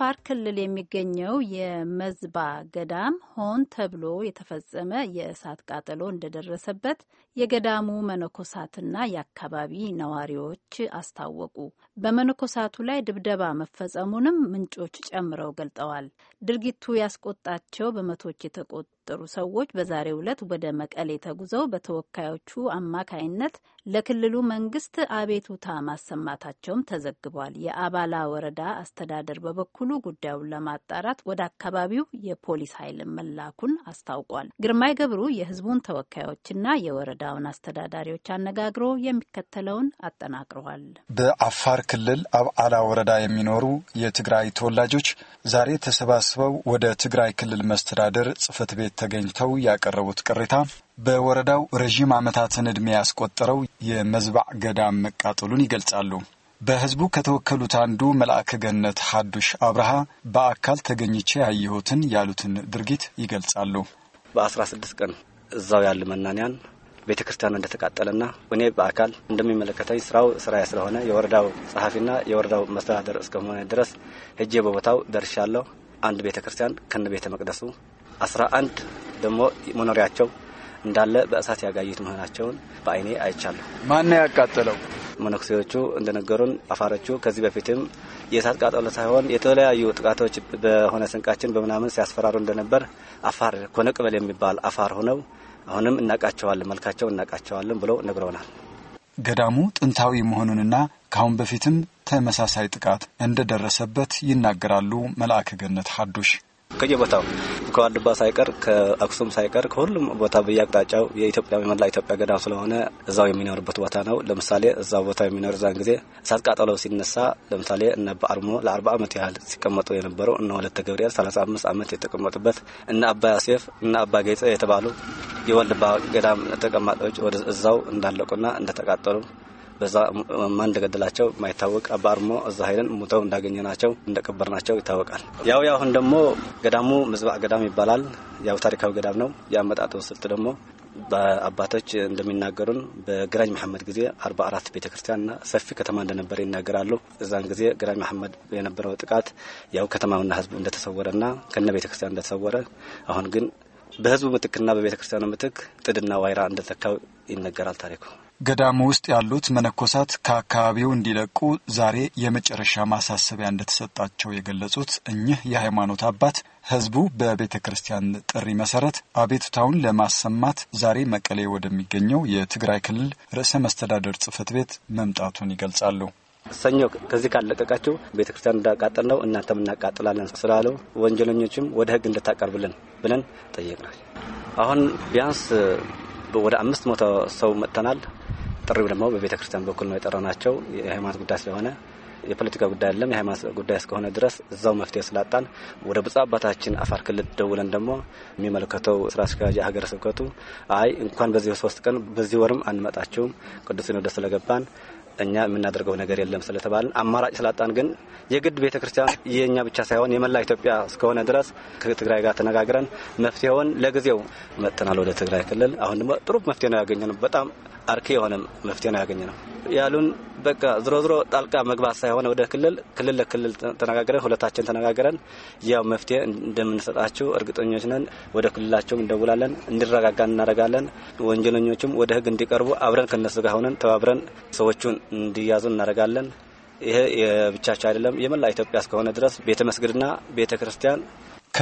በአፋር ክልል የሚገኘው የመዝባ ገዳም ሆን ተብሎ የተፈጸመ የእሳት ቃጠሎ እንደደረሰበት የገዳሙ መነኮሳትና የአካባቢ ነዋሪዎች አስታወቁ። በመነኮሳቱ ላይ ድብደባ መፈጸሙንም ምንጮች ጨምረው ገልጠዋል። ድርጊቱ ያስቆጣቸው በመቶች የተቆጠ የተጠረጠሩ ሰዎች በዛሬው ዕለት ወደ መቀሌ ተጉዘው በተወካዮቹ አማካይነት ለክልሉ መንግስት አቤቱታ ማሰማታቸውም ተዘግቧል። የአባላ ወረዳ አስተዳደር በበኩሉ ጉዳዩን ለማጣራት ወደ አካባቢው የፖሊስ ኃይል መላኩን አስታውቋል። ግርማይ ገብሩ የህዝቡን ተወካዮችና የወረዳውን አስተዳዳሪዎች አነጋግሮ የሚከተለውን አጠናቅረዋል። በአፋር ክልል አብዓላ ወረዳ የሚኖሩ የትግራይ ተወላጆች ዛሬ ተሰባስበው ወደ ትግራይ ክልል መስተዳደር ጽህፈት ቤት ተገኝተው ያቀረቡት ቅሬታ በወረዳው ረዥም ዓመታትን ዕድሜ ያስቆጠረው የመዝባዕ ገዳም መቃጠሉን ይገልጻሉ። በሕዝቡ ከተወከሉት አንዱ መልአከ ገነት ሐዱሽ አብርሃ በአካል ተገኝቼ ያየሁትን ያሉትን ድርጊት ይገልጻሉ። በአስራ ስድስት ቀን እዛው ያለ መናንያን ቤተ ክርስቲያኑ እንደተቃጠለና እኔ በአካል እንደሚመለከተኝ ስራው ስራ ስለሆነ የወረዳው ጸሐፊና የወረዳው መስተዳደር እስከሆነ ድረስ ሄጄ በቦታው ደርሻለሁ። አንድ ቤተ ክርስቲያን ከነ ቤተ መቅደሱ አስራ አንድ ደግሞ መኖሪያቸው እንዳለ በእሳት ያጋዩት መሆናቸውን በአይኔ አይቻለሁ። ማን ያቃጠለው? መነኩሴዎቹ እንደነገሩን አፋሮቹ ከዚህ በፊትም የእሳት ቃጠሎ ሳይሆን የተለያዩ ጥቃቶች በሆነ ስንቃችን በምናምን ሲያስፈራሩ እንደነበር አፋር ኮነቅበል የሚባል አፋር ሆነው አሁንም እናቃቸዋለን፣ መልካቸው እናቃቸዋለን ብለው ነግረውናል። ገዳሙ ጥንታዊ መሆኑንና ከአሁን በፊትም ተመሳሳይ ጥቃት እንደደረሰበት ይናገራሉ መልአከ ገነት ሀዱሽ ከየቦታው ከዋልድባ ሳይቀር ከአክሱም ሳይቀር ከሁሉም ቦታ በየአቅጣጫው የኢትዮጵያ መላ ኢትዮጵያ ገዳም ስለሆነ እዛው የሚኖርበት ቦታ ነው። ለምሳሌ እዛው ቦታ የሚኖር እዛን ጊዜ እሳት ቃጠሎ ሲነሳ ለምሳሌ እነ በአርሞ ለአርባ ዓመት ያህል ሲቀመጡ የነበረው እነ ወለተ ገብርኤል ሰላሳ አምስት ዓመት የተቀመጡበት እነ አባ ያሴፍ እነ አባ ጌጸ የተባሉ የወልድባ ገዳም ተቀማጦች እዛው እንዳለቁና እንደተቃጠሉ በዛ ማን እንደገደላቸው ማይታወቅ አባርሞ እዛ ሀይልን ሙተው እንዳገኘ ናቸው እንደቀበር ናቸው ይታወቃል። ያው አሁን ደግሞ ገዳሙ ምዝባቅ ገዳም ይባላል። ያው ታሪካዊ ገዳም ነው። የአመጣጡ ስልት ደግሞ በአባቶች እንደሚናገሩን በግራኝ መሐመድ ጊዜ አርባ አራት ቤተ ክርስቲያንና ሰፊ ከተማ እንደነበረ ይናገራሉ። እዛን ጊዜ ግራኝ መሐመድ የነበረው ጥቃት ያው ከተማውና ህዝቡ እንደተሰወረና ከነ ቤተ ክርስቲያን እንደተሰወረ አሁን ግን በህዝቡ ምትክና በቤተ ክርስቲያኑ ምትክ ጥድና ዋይራ እንደተካው ይነገራል ታሪኩ። ገዳሙ ውስጥ ያሉት መነኮሳት ከአካባቢው እንዲለቁ ዛሬ የመጨረሻ ማሳሰቢያ እንደተሰጣቸው የገለጹት እኚህ የሃይማኖት አባት ህዝቡ በቤተ ክርስቲያን ጥሪ መሰረት አቤቱታውን ለማሰማት ዛሬ መቀሌ ወደሚገኘው የትግራይ ክልል ርዕሰ መስተዳደር ጽፈት ቤት መምጣቱን ይገልጻሉ። ሰኞ ከዚህ ካለቀቃችሁ ቤተ ክርስቲያን እንዳቃጠል ነው እናንተም እናቃጥላለን ስላለው ወንጀለኞችም ወደ ህግ እንድታቀርብልን ብለን ጠየቅናል። አሁን ቢያንስ ወደ አምስት መቶ ሰው መጥተናል። ጥሪው ደግሞ በቤተ ክርስቲያን በኩል ነው የጠራናቸው። የሃይማኖት ጉዳይ ስለሆነ የፖለቲካ ጉዳይ አይደለም፣ የሃይማኖት ጉዳይ እስከሆነ ድረስ እዛው መፍትሄ ስላጣን ወደ ብፁዕ አባታችን አፋር ክልል ደውለን ደግሞ የሚመለከተው ስራ አስኪያጅ ሀገረ ስብከቱ አይ እንኳን በዚህ ሶስት ቀን በዚህ ወርም አንመጣችሁም ቅዱስ ሲኖዶስ ስለገባን እኛ የምናደርገው ነገር የለም ስለተባልን አማራጭ ስላጣን ግን የግድ ቤተ ክርስቲያን የእኛ ብቻ ሳይሆን የመላ ኢትዮጵያ እስከሆነ ድረስ ከትግራይ ጋር ተነጋግረን መፍትሄውን ለጊዜው መጥተናል ወደ ትግራይ ክልል። አሁን ደግሞ ጥሩ መፍትሄ ነው ያገኘነው። በጣም አርኪ የሆነ መፍትሄ ነው ያገኘ ነው ያሉን። በቃ ዝሮ ዝሮ ጣልቃ መግባት ሳይሆን ወደ ክልል ክልል ለክልል ተነጋግረን ሁለታችን ተነጋግረን ያው መፍትሄ እንደምንሰጣቸው እርግጠኞች ነን። ወደ ክልላቸውም እንደውላለን፣ እንዲረጋጋን እናደርጋለን። ወንጀለኞችም ወደ ህግ እንዲቀርቡ አብረን ከነሱ ጋር ሆነን ተባብረን ሰዎቹን እንዲያዙ እናደርጋለን። ይሄ የብቻቸው አይደለም። የመላ ኢትዮጵያ እስከሆነ ድረስ ቤተ መስግድና ቤተ ክርስቲያን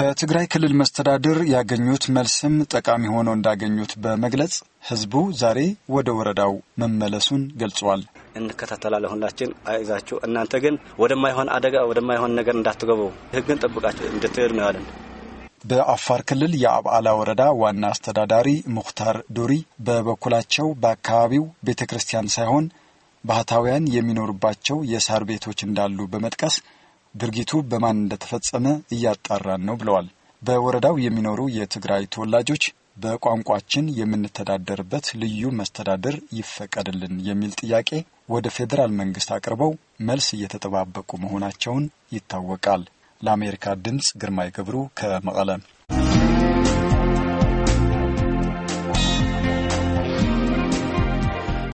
ከትግራይ ክልል መስተዳድር ያገኙት መልስም ጠቃሚ ሆኖ እንዳገኙት በመግለጽ ህዝቡ ዛሬ ወደ ወረዳው መመለሱን ገልጿል። እንከታተላለን ሁላችን፣ አይዛችሁ እናንተ ግን ወደማይሆን አደጋ ወደማይሆን ነገር እንዳትገቡ ህግን ጠብቃችሁ እንድትሄዱ ነው ያለን። በአፋር ክልል የአብዓላ ወረዳ ዋና አስተዳዳሪ ሙክታር ዱሪ በበኩላቸው በአካባቢው ቤተ ክርስቲያን ሳይሆን ባህታውያን የሚኖሩባቸው የሳር ቤቶች እንዳሉ በመጥቀስ ድርጊቱ በማን እንደተፈጸመ እያጣራን ነው ብለዋል። በወረዳው የሚኖሩ የትግራይ ተወላጆች በቋንቋችን የምንተዳደርበት ልዩ መስተዳድር ይፈቀድልን የሚል ጥያቄ ወደ ፌዴራል መንግስት አቅርበው መልስ እየተጠባበቁ መሆናቸውን ይታወቃል። ለአሜሪካ ድምፅ ግርማይ ገብሩ ከመቀለም